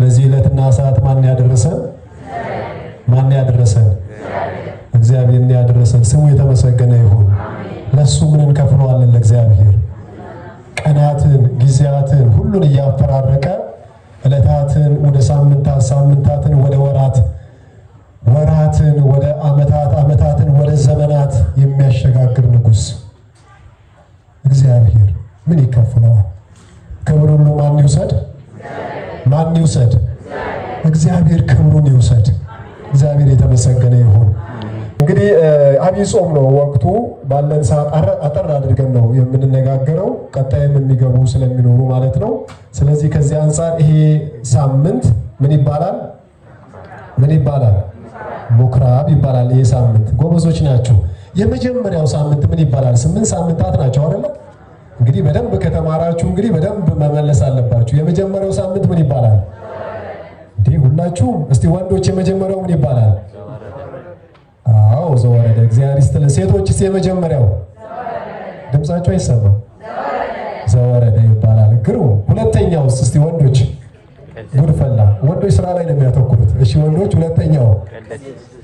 ለዚህ ዕለትና ሰዓት ማን ያደረሰን? ማን ያደረሰን? እግዚአብሔር ያደረሰን። ስሙ የተመሰገነ ይሁን። ለሱ ምን እንከፍለዋለን? ለእግዚአብሔር ቀናትን፣ ጊዜያትን ሁሉን እያፈራረቀ ዕለታትን ወደ ሳምንታት፣ ሳምንታትን ወደ ወራት፣ ወራትን ወደ ዓመታት፣ ዓመታትን ወደ ዘመናት የሚያሸጋግር ንጉሥ እግዚአብሔር ምን ይከፍለዋል? ክብር ሁሉ ማን ይውሰድ? ማን ይውሰድ? እግዚአብሔር ክብሩን ይውሰድ። እግዚአብሔር የተመሰገነ ይሁን። እንግዲህ አብይ ጾም ነው ወቅቱ። ባለን ሰዓት አጠር አድርገን ነው የምንነጋገረው፣ ቀጣይም የሚገቡ ስለሚኖሩ ማለት ነው። ስለዚህ ከዚህ አንጻር ይሄ ሳምንት ምን ይባላል? ምን ይባላል? ምኩራብ ይባላል። ይሄ ሳምንት ጎበዞች ናቸው። የመጀመሪያው ሳምንት ምን ይባላል? ስምንት ሳምንታት ናቸው አይደለ? እንግዲህ በደንብ ከተማራችሁ እንግዲህ በደንብ መመለስ አለባችሁ። የመጀመሪያው ሳምንት ምን ይባላል? እንዲህ ሁላችሁም እስቲ ወንዶች የመጀመሪያው ምን ይባላል? አዎ ዘወረደ። እግዚአብሔር ይስጥልን። ሴቶች እስቲ የመጀመሪያው ድምጻቸው አይሰማም ዘወረደ ይባላል። ግሩ ሁለተኛው እስቲ ወንዶች ጉድፈላ ወንዶች ስራ ላይ ነው የሚያተኩሩት። እሺ ወንዶች ሁለተኛው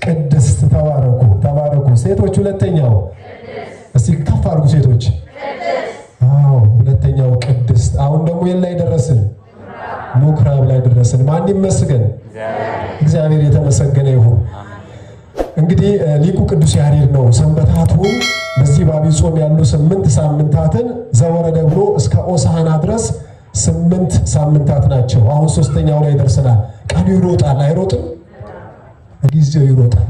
ቅድስት ተባረኩ፣ ተባረኩ። ሴቶች ሁለተኛው እስቲ ከፍ አድርጉ ሴቶች አዎ ሁለተኛው ቅድስት። አሁን ደግሞ የት ላይ ደረስን? ምኩራብ ላይ ደረስን። ማን ይመስገን? እግዚአብሔር የተመሰገነ ይሁን። እንግዲህ ሊቁ ቅዱስ ያሬድ ነው ሰንበታቱን በዚህ በዐቢይ ጾም ያሉ ስምንት ሳምንታትን ዘወረደ ብሎ እስከ ሆሳዕና ድረስ ስምንት ሳምንታት ናቸው። አሁን ሶስተኛው ላይ ደርሰናል። ቀኑ ይሮጣል አይሮጥም? ጊዜው ይሮጣል።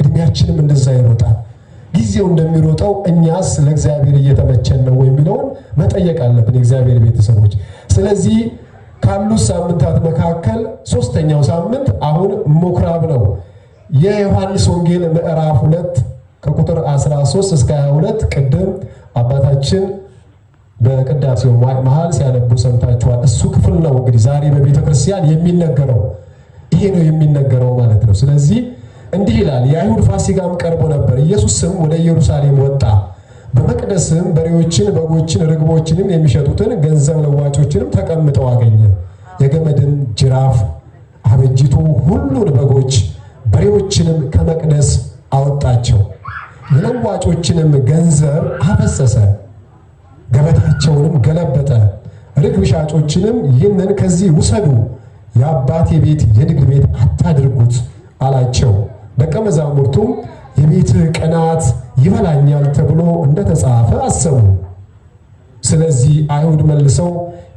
እድሜያችንም እንደዛ ይሮጣል። ጊዜው እንደሚሮጠው እኛስ ለእግዚአብሔር እየተመቸን ነው የሚለውን መጠየቅ አለብን እግዚአብሔር ቤተሰቦች። ስለዚህ ካሉት ሳምንታት መካከል ሶስተኛው ሳምንት አሁን ምኩራብ ነው። የዮሐንስ ወንጌል ምዕራፍ ሁለት ከቁጥር 13 እስከ 22 ቅድም አባታችን በቅዳሴው መሀል ሲያነቡ ሰምታችኋል። እሱ ክፍል ነው እንግዲህ ዛሬ በቤተክርስቲያን የሚነገረው ይሄ ነው የሚነገረው ማለት ነው። ስለዚህ እንዲህ ይላል፣ የአይሁድ ፋሲጋም ቀርቦ ነበር። ኢየሱስም ወደ ኢየሩሳሌም ወጣ። በመቅደስም በሬዎችን፣ በጎችን፣ ርግቦችንም የሚሸጡትን ገንዘብ ለዋጮችንም ተቀምጠው አገኘ። የገመድም ጅራፍ አበጅቱ ሁሉን በጎች በሬዎችንም ከመቅደስ አወጣቸው። የለዋጮችንም ገንዘብ አፈሰሰ፣ ገበታቸውንም ገለበጠ። ርግብ ሻጮችንም ይህንን ከዚህ ውሰዱ፣ የአባቴ ቤት የንግድ ቤት አታድርጉት አላቸው። ደቀ መዛሙርቱም የቤትህ ቅናት ይበላኛል ተብሎ እንደተጻፈ አሰቡ። ስለዚህ አይሁድ መልሰው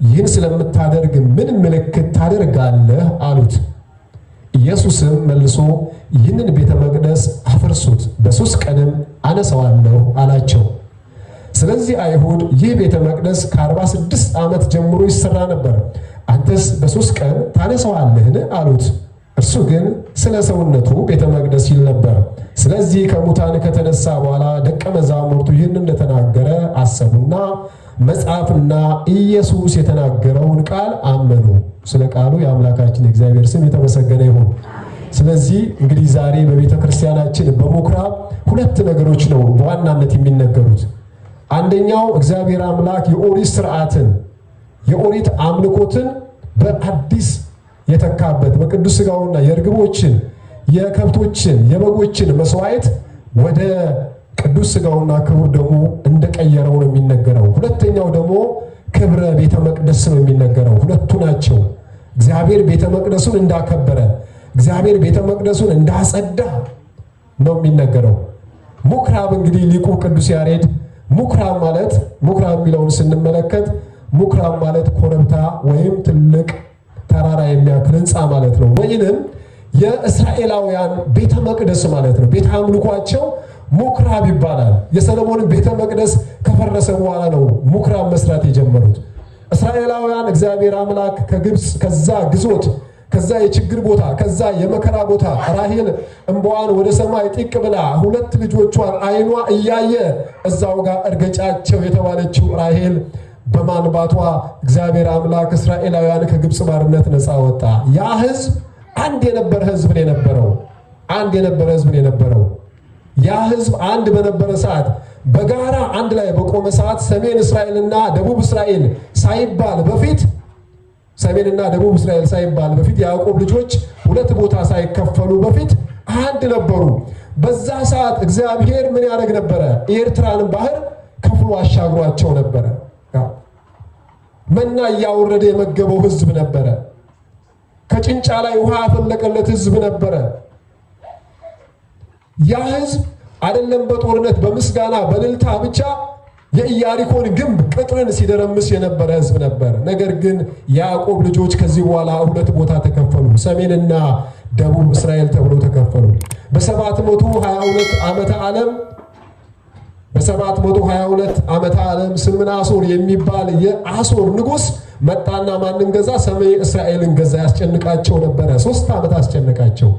ይህን ስለምታደርግ ምን ምልክት ታደርጋለህ አሉት። ኢየሱስም መልሶ ይህንን ቤተ መቅደስ አፍርሱት፣ በሦስት ቀንም አነሰዋለሁ አላቸው። ስለዚህ አይሁድ ይህ ቤተ መቅደስ ከ46 ዓመት ጀምሮ ይሰራ ነበር፣ አንተስ በሦስት ቀን ታነሰዋለህን? አሉት። እርሱ ግን ስለ ሰውነቱ ቤተ መቅደስ ይል ነበር። ስለዚህ ከሙታን ከተነሳ በኋላ ደቀ መዛሙርቱ ይህን እንደተናገረ አሰቡና መጽሐፍና ኢየሱስ የተናገረውን ቃል አመኑ። ስለ ቃሉ የአምላካችን የእግዚአብሔር ስም የተመሰገነ ይሁን። ስለዚህ እንግዲህ ዛሬ በቤተ ክርስቲያናችን በምኩራብ ሁለት ነገሮች ነው በዋናነት የሚነገሩት። አንደኛው እግዚአብሔር አምላክ የኦሪት ስርዓትን የኦሪት አምልኮትን በአዲስ የተካበት በቅዱስ ሥጋውና የርግቦችን የከብቶችን የበጎችን መስዋዕት ወደ ቅዱስ ሥጋውና ክቡር ደግሞ እንደቀየረው ነው የሚነገረው። ሁለተኛው ደግሞ ክብረ ቤተ መቅደስ ነው የሚነገረው። ሁለቱ ናቸው። እግዚአብሔር ቤተ መቅደሱን እንዳከበረ፣ እግዚአብሔር ቤተ መቅደሱን እንዳጸዳ ነው የሚነገረው። ሙክራብ እንግዲህ ሊቁ ቅዱስ ያሬድ ምኵራብ ማለት ምኵራብ የሚለውን ስንመለከት ምኵራብ ማለት ኮረብታ ወይም ትልቅ ተራራ የሚያክል ህንፃ ማለት ነው። ወይንም የእስራኤላውያን ቤተ መቅደስ ማለት ነው። ቤተ አምልኳቸው ሙክራብ ይባላል። የሰለሞንን ቤተ መቅደስ ከፈረሰ በኋላ ነው ሙክራብ መስራት የጀመሩት። እስራኤላውያን እግዚአብሔር አምላክ ከግብፅ ከዛ ግዞት ከዛ የችግር ቦታ ከዛ የመከራ ቦታ ራሄል እምባዋን ወደ ሰማይ ጢቅ ብላ ሁለት ልጆቿን አይኗ እያየ እዛው ጋር እርገጫቸው የተባለችው ራሄል በማንባቷ እግዚአብሔር አምላክ እስራኤላውያን ከግብፅ ባርነት ነፃ ወጣ። ያ ህዝብ አንድ የነበረ ህዝብ ነው የነበረው። አንድ የነበረ ህዝብ ነው የነበረው። ያ ህዝብ አንድ በነበረ ሰዓት በጋራ አንድ ላይ በቆመ ሰዓት ሰሜን እስራኤልና ደቡብ እስራኤል ሳይባል በፊት ሰሜንና ደቡብ እስራኤል ሳይባል በፊት የያዕቆብ ልጆች ሁለት ቦታ ሳይከፈሉ በፊት አንድ ነበሩ። በዛ ሰዓት እግዚአብሔር ምን ያደርግ ነበረ? የኤርትራን ባህር ከፍሎ አሻግሯቸው ነበረ። መና እያወረደ የመገበው ህዝብ ነበረ። ከጭንጫ ላይ ውሃ ያፈለቀለት ህዝብ ነበረ። ያ ህዝብ አይደለም በጦርነት በምስጋና በልልታ ብቻ የኢያሪኮን ግንብ ቅጥርን ሲደረምስ የነበረ ህዝብ ነበር። ነገር ግን የያዕቆብ ልጆች ከዚህ በኋላ ሁለት ቦታ ተከፈሉ፣ ሰሜንና ደቡብ እስራኤል ተብሎ ተከፈሉ። በሰባት መቶ ሃያ ሁለት ዓመተ ዓለም በሰባት በ722 ዓመተ ዓለም አሶር የሚባል የአሶር ንጉስ መጣና ማንን ገዛ? ሰሜን እስራኤልን ገዛ። ያስጨንቃቸው ነበረ። ሶስት ዓመት አስጨንቃቸው።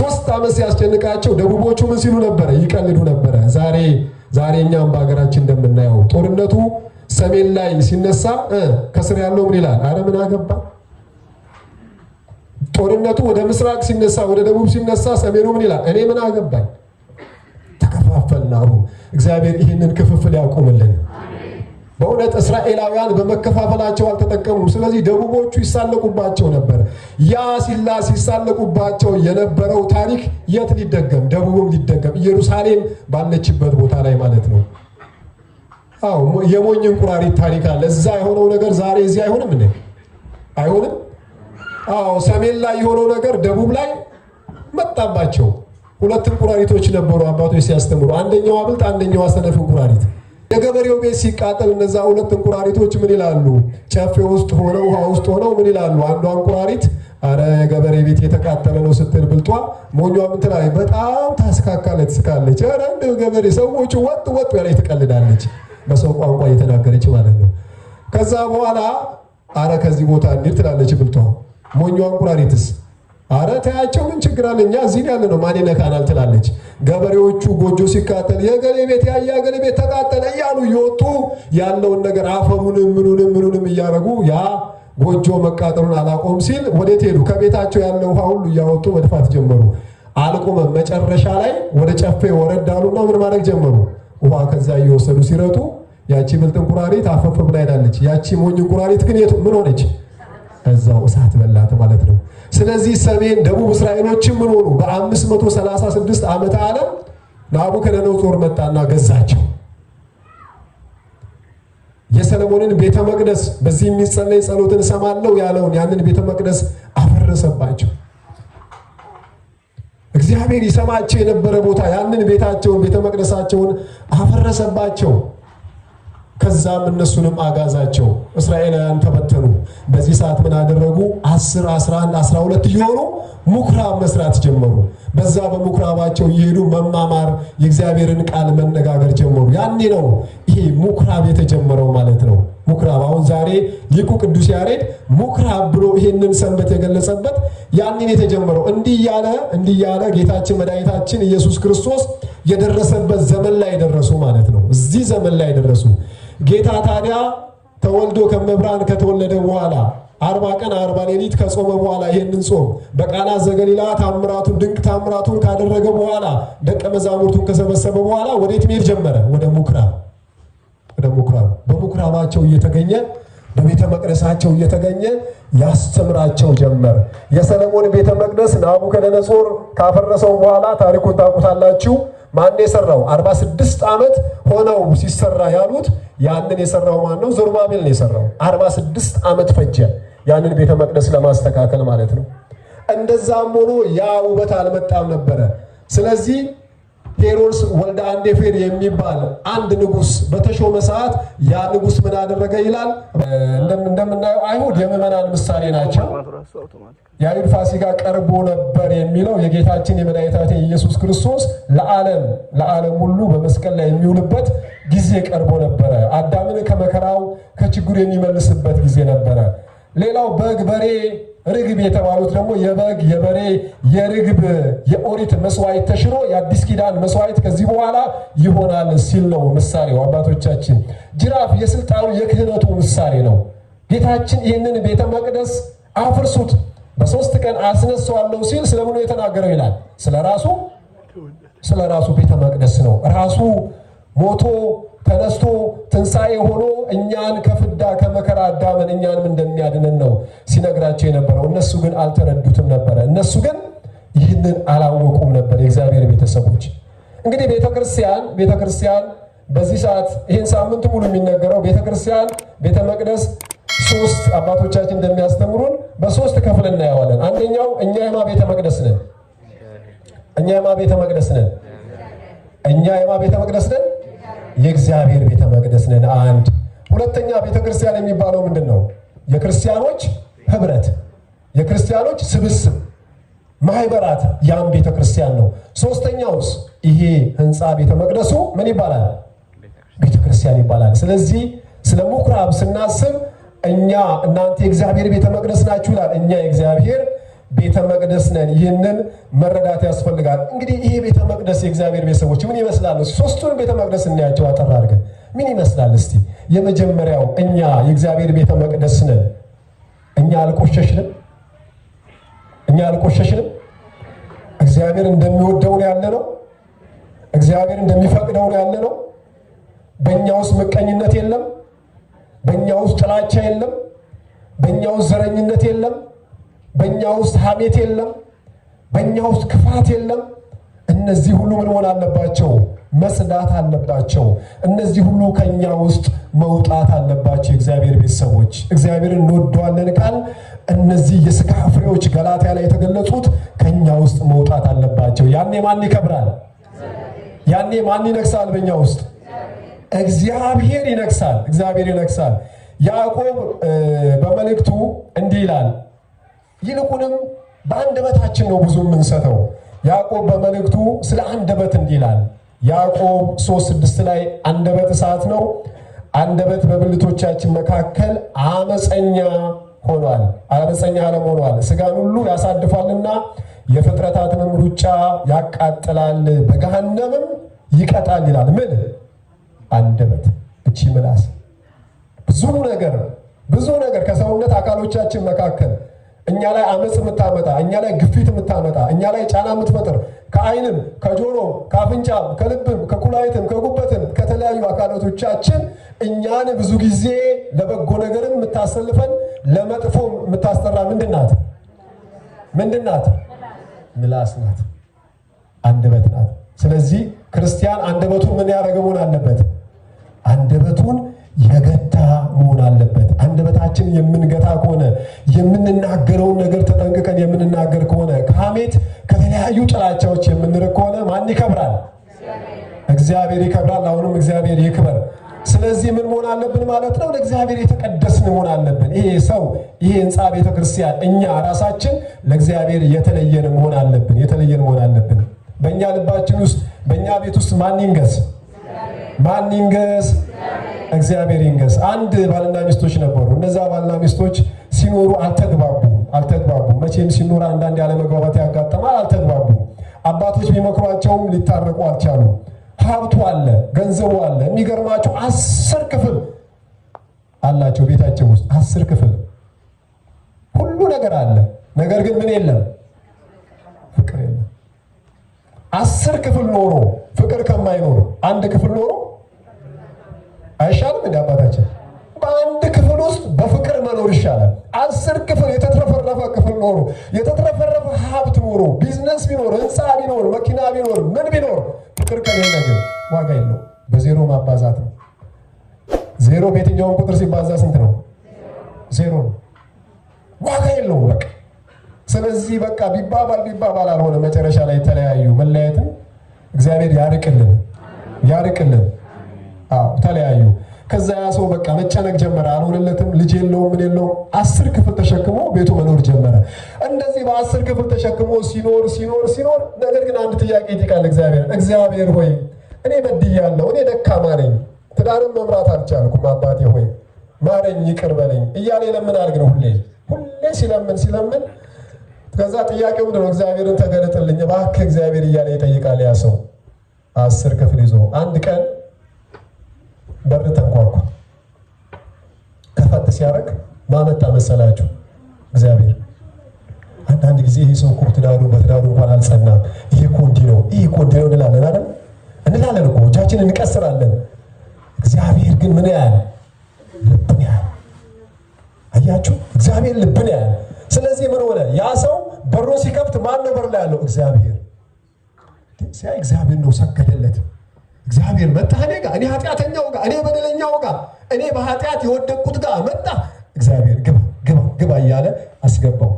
ሶስት ዓመት ሲያስጨንቃቸው ደቡቦቹ ምን ሲሉ ነበረ? ይቀልዱ ነበረ። ዛሬ ዛሬ እኛም በሀገራችን እንደምናየው ጦርነቱ ሰሜን ላይ ሲነሳ ከስር ያለው ምን ይላል? አረ ምን አገባ። ጦርነቱ ወደ ምስራቅ ሲነሳ፣ ወደ ደቡብ ሲነሳ ሰሜኑ ምን ይላል? እኔ ምን አገባኝ አፈናሁ። እግዚአብሔር ይህንን ክፍፍል ያቁምልን። በእውነት እስራኤላውያን በመከፋፈላቸው አልተጠቀሙም። ስለዚህ ደቡቦቹ ይሳለቁባቸው ነበር። ያ ሲላ ሲሳለቁባቸው የነበረው ታሪክ የት ሊደገም ደቡብም ሊደገም ኢየሩሳሌም ባለችበት ቦታ ላይ ማለት ነው። አዎ የሞኝ እንቁራሪት ታሪክ አለ። እዛ የሆነው ነገር ዛሬ እዚህ አይሆንም እ አይሆንም። አዎ ሰሜን ላይ የሆነው ነገር ደቡብ ላይ መጣባቸው። ሁለት እንቁራሪቶች ነበሩ አባቶች ሲያስተምሩ፣ አንደኛው አብልጥ፣ አንደኛው ሰነፍ እንቁራሪት። የገበሬው ቤት ሲቃጠል እነዛ ሁለት እንቁራሪቶች ምን ይላሉ? ጨፌ ውስጥ ሆነው ውሃ ውስጥ ሆነው ምን ይላሉ? አንዷ እንቁራሪት አረ የገበሬ ቤት የተቃጠለ ነው ስትል ብልጧ ሞኟ ምትላ በጣም ታስካካለች፣ ትስቃለች። ኧረ እንደው ገበሬ ሰዎቹ ወጥ ወጥ ያለች ትቀልዳለች፣ በሰው ቋንቋ እየተናገረች ማለት ነው። ከዛ በኋላ አረ ከዚህ ቦታ እንዲር ትላለች ብልቷ። ሞኟ እንቁራሪትስ አረ ተያቸው ምን ችግር አለ? እኛ እዚህ ያለ ነው ማን ይነካናል? ትላለች። ገበሬዎቹ ጎጆ ሲቃጠል የገሌ ቤት ያ የገሌ ቤት ተቃጠለ እያሉ እየወጡ ያለውን ነገር አፈሩንም ምኑንም ምኑንም እያረጉ ያ ጎጆ መቃጠሉን አላቆም ሲል ወዴት ሄዱ? ከቤታቸው ያለ ውሃ ሁሉ እያወጡ መድፋት ጀመሩ። አልቆመም። መጨረሻ ላይ ወደ ጨፌ ወረዳሉና ምን ማድረግ ጀመሩ? ውሃ ከዛ እየወሰዱ ሲረጡ ያቺ ብልጥ እንቁራሪት አፈፍ ብላ ሄዳለች። ያቺ ሞኝ እንቁራሪት ግን ምን ሆነች? እዛው እሳት በላት ማለት ነው። ስለዚህ ሰሜን ደቡብ እስራኤሎችም ምን ሆኑ? በ536 ዓመተ ዓለም ናቡከደነጾር መጣና ገዛቸው። የሰለሞንን ቤተ መቅደስ በዚህ የሚጸለይ ጸሎትን እሰማለሁ ያለውን ያንን ቤተ መቅደስ አፈረሰባቸው። እግዚአብሔር ይሰማቸው የነበረ ቦታ ያንን ቤታቸውን ቤተ መቅደሳቸውን አፈረሰባቸው። ከዛም እነሱንም አጋዛቸው። እስራኤላውያን ተበ በዚህ ሰዓት ምን አደረጉ? 10፣ 11፣ 12 እየሆኑ ምኩራብ መስራት ጀመሩ። በዛ በምኩራባቸው እየሄዱ መማማር፣ የእግዚአብሔርን ቃል መነጋገር ጀመሩ። ያኔ ነው ይሄ ምኩራብ የተጀመረው ማለት ነው። ምኩራብ አሁን ዛሬ ሊቁ ቅዱስ ያሬድ ምኩራብ ብሎ ይሄንን ሰንበት የገለጸበት ያንን የተጀመረው እንዲህ ያለ እንዲህ ያለ ጌታችን መድኃኒታችን ኢየሱስ ክርስቶስ የደረሰበት ዘመን ላይ ደረሱ ማለት ነው። እዚህ ዘመን ላይ ደረሱ ጌታ ታዲያ ተወልዶ ከመብራን ከተወለደ በኋላ አርባ ቀን አርባ ሌሊት ከጾመ በኋላ ይህንን ጾም በቃና ዘገሊላ ታምራቱን ድንቅ ታምራቱን ካደረገ በኋላ ደቀ መዛሙርቱን ከሰበሰበ በኋላ ወዴት መሄድ ጀመረ? ወደ ምኩራብ ወደ ምኩራብ በምኩራባቸው እየተገኘ በቤተ መቅደሳቸው እየተገኘ ያስተምራቸው ጀመር። የሰለሞን ቤተ መቅደስ ናቡከደነጾር ካፈረሰው በኋላ ታሪኩን ታውቁታላችሁ። ማን የሰራው? 46 ዓመት ሆነው ሲሰራ ያሉት ያንን የሰራው ማን ነው? ዘሩባቤል ነው የሰራው። አርባ ስድስት ዓመት ፈጀ ያንን ቤተ መቅደስ ለማስተካከል ማለት ነው። እንደዛም ሆኖ ያ ውበት አልመጣም ነበረ። ስለዚህ ሄሮድስ ወልደ አንዴፌር የሚባል አንድ ንጉስ በተሾመ ሰዓት ያ ንጉስ ምን አደረገ ይላል። እንደምናየው አይሁድ የምዕመናን ምሳሌ ናቸው። የአይሁድ ፋሲካ ቀርቦ ነበር የሚለው የጌታችን የመድኃኒታችን ኢየሱስ ክርስቶስ ለዓለም ለዓለም ሁሉ በመስቀል ላይ የሚውልበት ጊዜ ቀርቦ ነበረ። አዳምን ከመከራው ከችግሩ የሚመልስበት ጊዜ ነበረ። ሌላው በግ በሬ ርግብ የተባሉት ደግሞ የበግ የበሬ የርግብ የኦሪት መስዋዕት ተሽሮ የአዲስ ኪዳን መስዋዕት ከዚህ በኋላ ይሆናል ሲል ነው ምሳሌው። አባቶቻችን ጅራፍ የስልጣኑ የክህነቱ ምሳሌ ነው። ጌታችን ይህንን ቤተ መቅደስ አፍርሱት በሶስት ቀን አስነሳዋለሁ ሲል ስለምኑ የተናገረው ይላል። ስለ ራሱ ስለ ራሱ ቤተ መቅደስ ነው ራሱ ሞቶ ተነስቶ ትንሣኤ ሆኖ እኛን ከፍዳ ከመከራ አዳመን እኛንም እንደሚያድንን ነው ሲነግራቸው የነበረው። እነሱ ግን አልተረዱትም ነበረ። እነሱ ግን ይህንን አላወቁም ነበር። የእግዚአብሔር ቤተሰቦች እንግዲህ ቤተክርስቲያን ቤተክርስቲያን በዚህ ሰዓት ይህን ሳምንት ሙሉ የሚነገረው ቤተክርስቲያን ቤተ መቅደስ ሶስት አባቶቻችን እንደሚያስተምሩን በሶስት ክፍል እናየዋለን። አንደኛው እኛ የማ ቤተ መቅደስ ነን። እኛ የማ ቤተ መቅደስ ነን። እኛ የማ ቤተ መቅደስ ነን የእግዚአብሔር ቤተ መቅደስ ነን። አንድ ሁለተኛ፣ ቤተ ክርስቲያን የሚባለው ምንድን ነው? የክርስቲያኖች ህብረት፣ የክርስቲያኖች ስብስብ፣ ማህበራት ያም ቤተ ክርስቲያን ነው። ሶስተኛውስ ይሄ ህንፃ ቤተ መቅደሱ ምን ይባላል? ቤተ ክርስቲያን ይባላል። ስለዚህ ስለ ምኩራብ ስናስብ እኛ እናንተ የእግዚአብሔር ቤተ መቅደስ ናችሁ ይላል። እኛ የእግዚአብሔር ቤተ መቅደስ ነን። ይህንን መረዳት ያስፈልጋል። እንግዲህ ይሄ ቤተ መቅደስ የእግዚአብሔር ቤተሰቦች ምን ይመስላል? ሶስቱን ቤተ መቅደስ እናያቸው አጠር አድርገን ምን ይመስላል እስቲ። የመጀመሪያው እኛ የእግዚአብሔር ቤተ መቅደስ ነን። እኛ አልቆሸሽንም፣ እኛ አልቆሸሽንም። እግዚአብሔር እንደሚወደው ነው ያለ ነው። እግዚአብሔር እንደሚፈቅደው ነው ያለ ነው። በእኛ ውስጥ ምቀኝነት የለም። በእኛ ውስጥ ጥላቻ የለም። በእኛ ውስጥ ዘረኝነት የለም። በእኛ ውስጥ ሀሜት የለም፣ በእኛ ውስጥ ክፋት የለም። እነዚህ ሁሉ ምን መሆን አለባቸው? መጽዳት አለባቸው። እነዚህ ሁሉ ከእኛ ውስጥ መውጣት አለባቸው። እግዚአብሔር ቤተሰቦች እግዚአብሔርን እንወደዋለን ቃል እነዚህ የስጋ ፍሬዎች ገላትያ ላይ የተገለጹት ከእኛ ውስጥ መውጣት አለባቸው። ያኔ ማን ይከብራል? ያኔ ማን ይነግሳል? በእኛ ውስጥ እግዚአብሔር ይነግሳል። እግዚአብሔር ይነግሳል። ያዕቆብ በመልእክቱ እንዲህ ይላል ይልቁንም በአንደበታችን ነው ብዙ የምንሰተው። ያዕቆብ በመልእክቱ ስለ አንደበት እንዲህ ይላል። ያዕቆብ ሶስት ስድስት ላይ አንደበት እሳት ነው፣ አንደበት በብልቶቻችን መካከል አመፀኛ ሆኗል አመፀኛ ዓለም ሆኗል፣ ስጋን ሁሉ ያሳድፋልና የፍጥረታትንም ሩጫ ያቃጥላል፣ በገሃነምም ይቀጣል ይላል። ምን አንደበት! እቺ ምላስ ብዙ ነገር ብዙ ነገር ከሰውነት አካሎቻችን መካከል እኛ ላይ አመፅ የምታመጣ እኛ ላይ ግፊት የምታመጣ እኛ ላይ ጫና የምትፈጥር ከአይንም ከጆሮም ከአፍንጫም ከልብም ከኩላይትም ከጉበትም ከተለያዩ አካላቶቻችን እኛን ብዙ ጊዜ ለበጎ ነገርም የምታሰልፈን ለመጥፎ የምታስጠራ ምንድናት ናት? ምንድን ናት? ምላስ ናት፣ አንደበት ናት። ስለዚህ ክርስቲያን አንደበቱን ምን ያደረገ መሆን አለበት? አንደበቱን የገታ መሆን አለበት። አንደበታችን የምንገታ ከሆነ የምንናገረውን ነገር ተጠንቅቀን የምንናገር ከሆነ ከሐሜት ከተለያዩ ጥላቻዎች የምንርቅ ከሆነ ማን ይከብራል? እግዚአብሔር ይከብራል። አሁንም እግዚአብሔር ይክበር። ስለዚህ ምን መሆን አለብን ማለት ነው? ለእግዚአብሔር የተቀደስን መሆን አለብን። ይሄ ሰው፣ ይሄ ህንፃ፣ ቤተክርስቲያን፣ እኛ ራሳችን ለእግዚአብሔር የተለየን መሆን አለብን። የተለየን መሆን አለብን። በእኛ ልባችን ውስጥ፣ በእኛ ቤት ውስጥ ማን ይንገስ? ማን ይንገስ? እግዚአብሔር ይንገስ። አንድ ባልና ሚስቶች ነበሩ። እነዛ ባልና ሚስቶች ሲኖሩ አልተግባቡ አልተግባቡ መቼም ሲኖር አንዳንድ ያለመግባባት ያጋጠማል። አልተግባቡ አባቶች ቢመክሯቸውም ሊታረቁ አልቻሉም። ሀብቱ አለ፣ ገንዘቡ አለ። የሚገርማቸው አስር ክፍል አላቸው ቤታቸው ውስጥ አስር ክፍል ሁሉ ነገር አለ። ነገር ግን ምን የለም ፍቅር የለም። አስር ክፍል ኖሮ ፍቅር ከማይኖር አንድ ክፍል ኖሮ አይሻልም? እንደ አባታችን በአንድ ክፍል ውስጥ በፍቅር መኖር ይሻላል። አስር ክፍል የተትረፈረፈ ክፍል ኖሮ የተትረፈረፈ ሀብት ኖሮ ቢዝነስ ቢኖር ህንፃ ቢኖር መኪና ቢኖር ምን ቢኖር ፍቅር ከሌለ ግን ዋጋ የለው። በዜሮ ማባዛት ነው። ዜሮ በየትኛውን ቁጥር ሲባዛ ስንት ነው? ዜሮ ነው። ዋጋ የለውም በቃ። ስለዚህ በቃ ቢባባል ቢባባል አልሆነ መጨረሻ ላይ የተለያዩ መለያየትን እግዚአብሔር ያርቅልን ያርቅልን። ተለያዩ። ከዛ ያ ሰው በቃ መጨነቅ ጀመረ። አልሆንለትም፣ ልጅ የለውም፣ ምን የለውም። አስር ክፍል ተሸክሞ ቤቱ መኖር ጀመረ። እንደዚህ በአስር ክፍል ተሸክሞ ሲኖር ሲኖር ሲኖር፣ ነገር ግን አንድ ጥያቄ ይጠይቃል እግዚአብሔር። እግዚአብሔር ሆይ እኔ በድያለሁ፣ እኔ ደካማ ነኝ፣ ትዳርም መምራት አልቻልኩም፣ አባቴ ሆይ ማረኝ፣ ይቅር በለኝ እያለ ይለምናል። ግን ሁሌ ሁሌ ሲለምን ሲለምን ከዛ ጥያቄው ምንድን ነው? እግዚአብሔርን ተገለጥልኝ እባክህ እግዚአብሔር እያለ ይጠይቃል ያ ሰው አስር ክፍል ይዞ አንድ ቀን በር ተንኳኳ። ከፈት ሲያደርግ ማመጣ መሰላችሁ እግዚአብሔር። አንዳንድ ጊዜ ይህ ሰው እኮ ትዳሩ በትዳሩ እንኳን አልጸናም፣ ይህ እኮ እንዲህ ነው፣ ይህ እኮ እንዲህ ነው እንላለን አይደል? እንላለን እኮ እጃችን እንቀስራለን። እግዚአብሔር ግን ምን ያህል ልብን ያህል አያችሁ፣ እግዚአብሔር ልብን ያህል። ስለዚህ ምን ሆነ? ያ ሰው በሮ ሲከፍት ማን ነበር ላይ ያለው? እግዚአብሔር ሲያይ እግዚአብሔር ነው ሰገደለት። እግዚአብሔር መጣ እኔ ጋር፣ እኔ ኃጢአተኛው ጋር፣ እኔ በደለኛው ጋር፣ እኔ በኃጢአት የወደቅኩት ጋር መጣ። እግዚአብሔር ግባ ግባ ግባ እያለ አስገባው።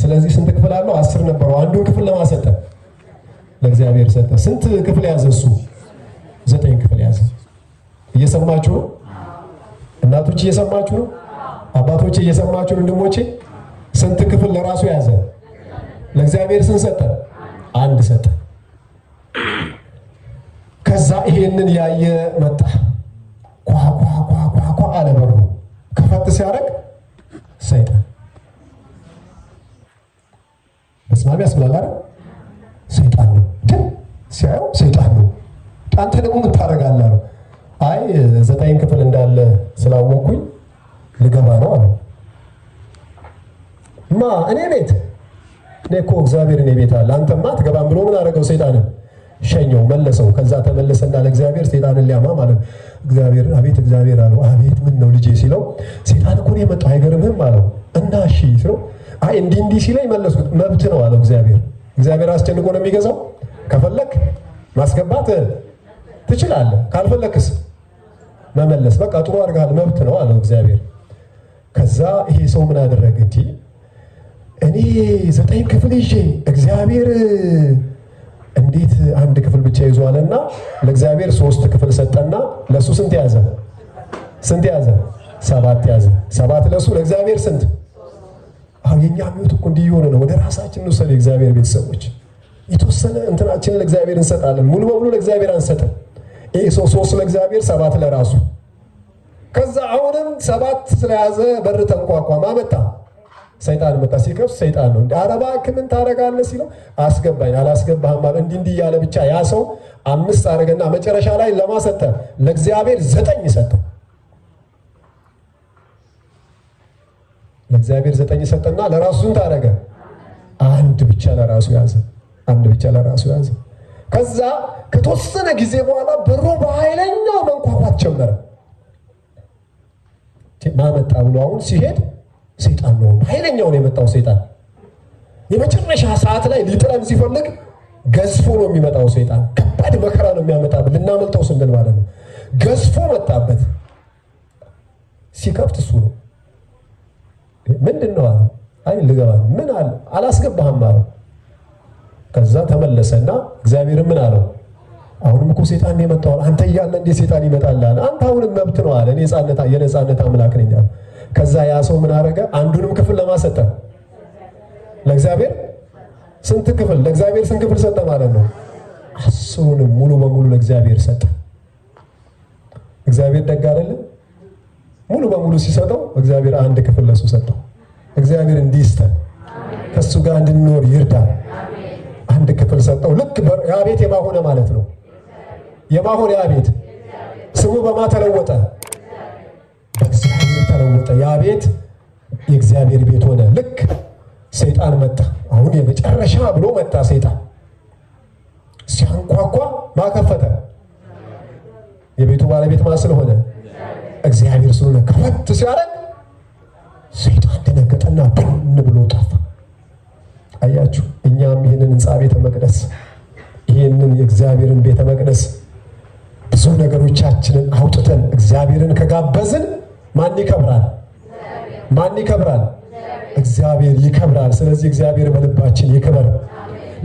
ስለዚህ ስንት ክፍል አለው? አስር ነበረው። አንዱን ክፍል ለማሰጠ ለእግዚአብሔር ሰጠ። ስንት ክፍል ያዘ እሱ? ዘጠኝ ክፍል ያዘ። እየሰማችሁ ነው እናቶች፣ እየሰማችሁ ነው አባቶች፣ እየሰማችሁ ነው ወንድሞቼ። ስንት ክፍል ለራሱ ያዘ? ለእግዚአብሔር ስንት ሰጠ? አንድ ሰጠ። ከዛ ይሄንን ያየ መጣ። ኳኳኳኳኳ አለ በሩ ከፈት ሲያደርግ ሰይጣን በስማሚ ያስብላል አይደል? ሰይጣን ነው ግን ሲያየው ሰይጣን ነው። አንተ ደግሞ ምን ታደርጋለህ አይ ዘጠኝ ክፍል እንዳለ ስላወቅኩኝ ልገባ ነው አለ። ማ እኔ ቤት እኔ እኮ እግዚአብሔር እኔ ቤት አለ አንተማ አትገባም ብሎ ምን አደረገው ሰይጣንን ሸኘው፣ መለሰው። ከዛ ተመለሰና ለእግዚአብሔር ሴጣንን ሊያማ ማለት እግዚአብሔር አቤት እግዚአብሔር አለው። አቤት ምን ነው ልጄ ሲለው ሴጣን እኮ ነው የመጣው አይገርምህም አለው። እና እሺ ሲለው አይ እንዲህ እንዲህ ሲለኝ መለስኩት። መብት ነው አለው እግዚአብሔር። እግዚአብሔር አስጨንቆ ነው የሚገዛው። ከፈለክ ማስገባት ትችላለህ፣ ካልፈለክስ መመለስ። በቃ ጥሩ አድርገሃል፣ መብት ነው አለው እግዚአብሔር። ከዛ ይሄ ሰው ምን አደረገ? እንዲህ እኔ ዘጠኝ ክፍል ይዤ እግዚአብሔር እንዴት አንድ ክፍል ብቻ ይዞ አለና ለእግዚአብሔር ሶስት ክፍል ሰጠና ለሱ ስንት ያዘ? ስንት ያዘ? ሰባት ያዘ። ሰባት ለሱ ለእግዚአብሔር ስንት? አሁን የኛ ህይወት እኮ እንዲህ የሆነ ነው። ወደ ራሳችን ነው ሰለ እግዚአብሔር ቤተሰቦች የተወሰነ እንትናችንን ለእግዚአብሔር እንሰጣለን። ሙሉ በሙሉ ለእግዚአብሔር አንሰጥም። ይሄ ሰው ሶስት ለእግዚአብሔር ሰባት ለራሱ ከዛ አሁንም ሰባት ስለያዘ በር ተንቋቋም ማመጣ ሰይጣን መጣ። ሲከፍት ሰይጣን ነው እንደ አረባ ክምን ታደርጋለህ ሲለው አስገባኝ አላስገባህም አለ። እንዲህ እንዲህ እያለ ብቻ ያ ሰው አምስት አደረገና መጨረሻ ላይ ለማሰጠ ለእግዚአብሔር ዘጠኝ ሰጠው። ለእግዚአብሔር ዘጠኝ ሰጠና ለራሱን ታደረገ አንድ ብቻ ለራሱ ያዘ። አንድ ብቻ ለራሱ ያዘ። ከዛ ከተወሰነ ጊዜ በኋላ በሮ በኃይለኛው መንኳኳት ጀመረ። ማመጣ ብሎ አሁን ሲሄድ ሰይጣን ነው። ኃይለኛውን የመጣው ሰይጣን የመጨረሻ ሰዓት ላይ ሊጥለን ሲፈልግ ገዝፎ ነው የሚመጣው ሰይጣን። ከባድ መከራ ነው የሚያመጣብን ልናመልጠው ስንል ማለት ነው። ገዝፎ መጣበት ሲከፍት እሱ ነው ምንድን ነው አለ። አይ ልገባ ምን አለ አላስገባህም አለው። ከዛ ተመለሰና እግዚአብሔር ምን አለው? አሁንም እኮ ሴጣን የመጣው አንተ እያለ እንዴ ሴጣን ይመጣል አለ። አንተ አሁንም መብት ነው አለ። እኔ የነፃነት አምላክ ነኝ አለ። ከዛ ያ ሰው ምን አደረገ? አንዱንም ክፍል ለማሰጠ ለእግዚአብሔር ስንት ክፍል ለእግዚአብሔር ስንት ክፍል ሰጠ ማለት ነው። አስሩንም ሙሉ በሙሉ ለእግዚአብሔር ሰጠ። እግዚአብሔር ደግ አይደለም። ሙሉ በሙሉ ሲሰጠው እግዚአብሔር አንድ ክፍል ለሱ ሰጠው። እግዚአብሔር እንዲስተን ከሱ ጋር እንድንኖር ይርዳ። አንድ ክፍል ሰጠው። ልክ ያ ቤት የማሆነ ማለት ነው። የማሆነ ያ ቤት ስሙ በማ ተለወጠ። ተለወጠ። ያ ቤት የእግዚአብሔር ቤት ሆነ። ልክ ሰይጣን መጣ። አሁን የመጨረሻ ብሎ መጣ ሰይጣን። ሲያንኳኳ ማከፈተ የቤቱ ባለቤት ማ ስለሆነ እግዚአብሔር ስለሆነ ከፈት ሲያደርግ ሰይጣን ደነገጠና ብን ብሎ ጠፋ። አያችሁ፣ እኛም ይህንን ህንፃ ቤተ መቅደስ ይህንን የእግዚአብሔርን ቤተ መቅደስ ብዙ ነገሮቻችንን አውጥተን እግዚአብሔርን ከጋበዝን ማን ይከብራል? ማን ይከብራል? እግዚአብሔር ይከብራል። ስለዚህ እግዚአብሔር በልባችን ይክበር።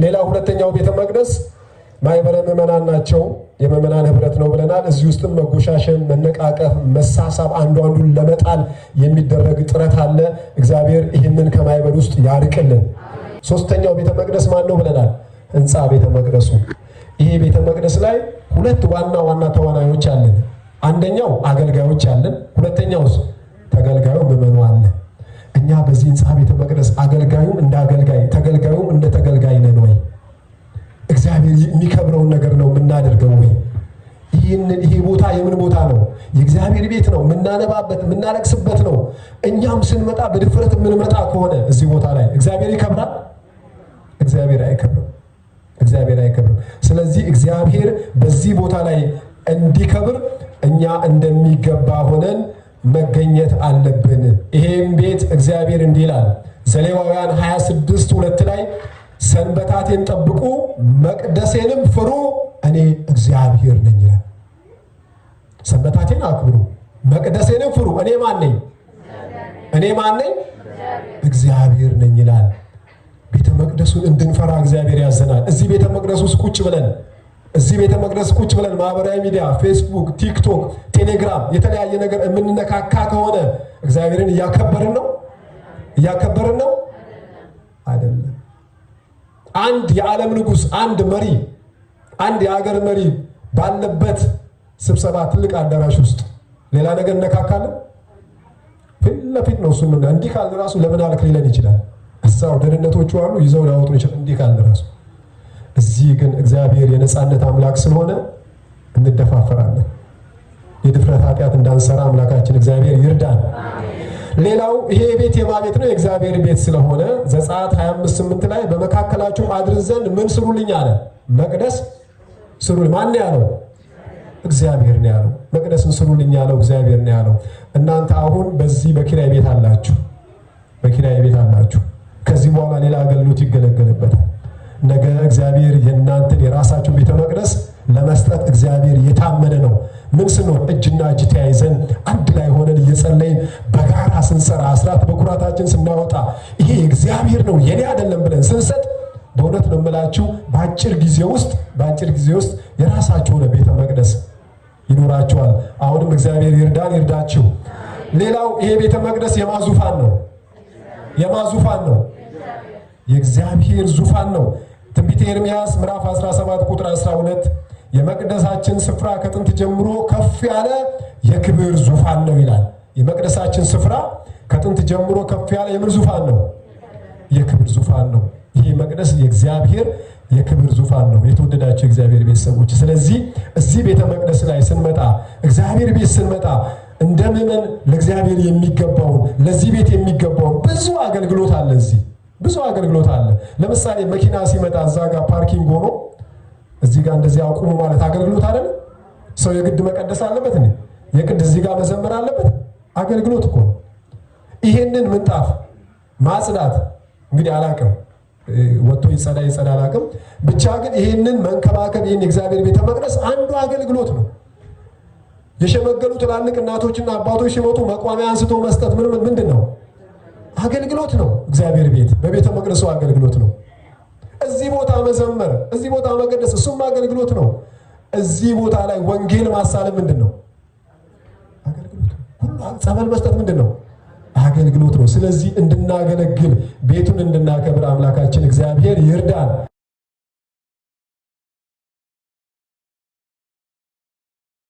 ሌላ ሁለተኛው ቤተ መቅደስ ማይበረ ምዕመናን ናቸው፣ የምዕመናን ህብረት ነው ብለናል። እዚህ ውስጥም መጎሻሸን፣ መነቃቀፍ፣ መሳሳብ፣ አንዱ አንዱን ለመጣል የሚደረግ ጥረት አለ። እግዚአብሔር ይህንን ከማይበል ውስጥ ያርቅልን። ሶስተኛው ቤተ መቅደስ ማን ነው ብለናል? ህንፃ ቤተ መቅደሱ። ይሄ ቤተ መቅደስ ላይ ሁለት ዋና ዋና ተዋናዮች አለን። አንደኛው አገልጋዮች አለን፣ ሁለተኛውስ ተገልጋዩ ምዕመኑ አለ። እኛ በዚህ ህንፃ ቤተ መቅደስ አገልጋዩም እንደ አገልጋይ ተገልጋዩም እንደ ተገልጋይ ነን ወይ? እግዚአብሔር የሚከብረውን ነገር ነው የምናደርገው ወይ? ይህ ቦታ የምን ቦታ ነው? የእግዚአብሔር ቤት ነው። የምናነባበት የምናለቅስበት ነው። እኛም ስንመጣ በድፍረት የምንመጣ ከሆነ እዚህ ቦታ ላይ እግዚአብሔር ይከብራል? እግዚአብሔር አይከብርም። እግዚአብሔር አይከብርም። ስለዚህ እግዚአብሔር በዚህ ቦታ ላይ እንዲከብር እኛ እንደሚገባ ሆነን መገኘት አለብን። ይሄም ቤት እግዚአብሔር እንዲህ ይላል ዘሌዋውያን 26 ሁለት ላይ ሰንበታቴን ጠብቁ፣ መቅደሴንም ፍሩ፣ እኔ እግዚአብሔር ነኝ ይላል። ሰንበታቴን አክብሩ፣ መቅደሴንም ፍሩ። እኔ ማን ነኝ? እኔ ማን ነኝ? እግዚአብሔር ነኝ ይላል። ቤተ መቅደሱን እንድንፈራ እግዚአብሔር ያዘናል። እዚህ ቤተ መቅደሱ ውስጥ ቁጭ ብለን እዚህ ቤተ መቅደስ ቁጭ ብለን ማህበራዊ ሚዲያ ፌስቡክ፣ ቲክቶክ፣ ቴሌግራም የተለያየ ነገር የምንነካካ ከሆነ እግዚአብሔርን እያከበርን ነው እያከበርን ነው አይደለም። አንድ የዓለም ንጉስ፣ አንድ መሪ አንድ የሀገር መሪ ባለበት ስብሰባ ትልቅ አዳራሽ ውስጥ ሌላ ነገር እነካካለን። ፊት ለፊት ነው እሱ እንዲህ ካልን ራሱ ለምን አልክ ሊለን ይችላል። እዛው ደህንነቶቹ አሉ ይዘው ሊያወጡ ይችላል። እንዲህ ካልን ራሱ እዚህ ግን እግዚአብሔር የነፃነት አምላክ ስለሆነ እንደፋፈራለን። የድፍረት ኃጢአት እንዳንሰራ አምላካችን እግዚአብሔር ይርዳል። ሌላው ይሄ ቤት የማ ቤት ነው? የእግዚአብሔር ቤት ስለሆነ ዘጸአት 8 ላይ በመካከላችሁ አድር ዘንድ ምን ስሩልኝ አለ። መቅደስ ስሩልኝ። ማን ያለው? እግዚአብሔር ነው ያለው። መቅደስን ስሩልኝ ያለው እግዚአብሔር ነው ያለው። እናንተ አሁን በዚህ በኪራይ ቤት አላችሁ፣ በኪራይ ቤት አላችሁ። ከዚህ በኋላ ሌላ አገልግሎት ይገለገልበታል። ነገ እግዚአብሔር የእናንተን የራሳችሁን ቤተ መቅደስ ለመስጠት እግዚአብሔር የታመነ ነው። ምን ስንሆን እጅና እጅ ተያይዘን አንድ ላይ ሆነን እየጸለይን በጋራ ስንሰራ አስራት በኩራታችን ስናወጣ ይሄ እግዚአብሔር ነው የኔ አይደለም ብለን ስንሰጥ በእውነት ነው የምላችሁ በአጭር ጊዜ ውስጥ በአጭር ጊዜ ውስጥ የራሳችሁ ሆነ ቤተ መቅደስ ይኖራችኋል። አሁንም እግዚአብሔር ይርዳን ይርዳችሁ። ሌላው ይሄ ቤተ መቅደስ የማዙፋን ነው የማዙፋን ነው የእግዚአብሔር ዙፋን ነው። ትንቢተ ኤርምያስ ምዕራፍ 17 ቁጥር 12 የመቅደሳችን ስፍራ ከጥንት ጀምሮ ከፍ ያለ የክብር ዙፋን ነው ይላል። የመቅደሳችን ስፍራ ከጥንት ጀምሮ ከፍ ያለ የምን ዙፋን ነው? የክብር ዙፋን ነው። ይህ መቅደስ የእግዚአብሔር የክብር ዙፋን ነው። የተወደዳቸው እግዚአብሔር ቤተሰቦች፣ ስለዚህ እዚህ ቤተ መቅደስ ላይ ስንመጣ፣ እግዚአብሔር ቤት ስንመጣ እንደ ለእግዚአብሔር የሚገባውን ለዚህ ቤት የሚገባውን ብዙ አገልግሎት አለ እዚህ ብዙ አገልግሎት አለ። ለምሳሌ መኪና ሲመጣ እዛ ጋር ፓርኪንግ ሆኖ እዚህ ጋር እንደዚህ አቁሙ ማለት አገልግሎት አይደለም። ሰው የግድ መቀደስ አለበት፣ የግድ እዚህ ጋር መዘመር አለበት። አገልግሎት እኮ ይሄንን ምንጣፍ ማጽዳት እንግዲህ አላቅም ወጥቶ ይጸዳ ይጸዳ አላቅም። ብቻ ግን ይህንን መንከባከብ ይህን የእግዚአብሔር ቤተ መቅደስ አንዱ አገልግሎት ነው። የሸመገሉ ትላልቅ እናቶችና አባቶች ሲመጡ መቋሚያ አንስቶ መስጠት ምንም ምንድን ነው አገልግሎት ነው። እግዚአብሔር ቤት በቤተ መቅደሱ አገልግሎት ነው። እዚህ ቦታ መዘመር፣ እዚህ ቦታ መቀደስ፣ እሱም አገልግሎት ነው። እዚህ ቦታ ላይ ወንጌል ማሳለም ምንድን ነው? ጸበል መስጠት ምንድን ነው? አገልግሎት ነው። ስለዚህ እንድናገለግል ቤቱን እንድናከብር አምላካችን እግዚአብሔር ይርዳል።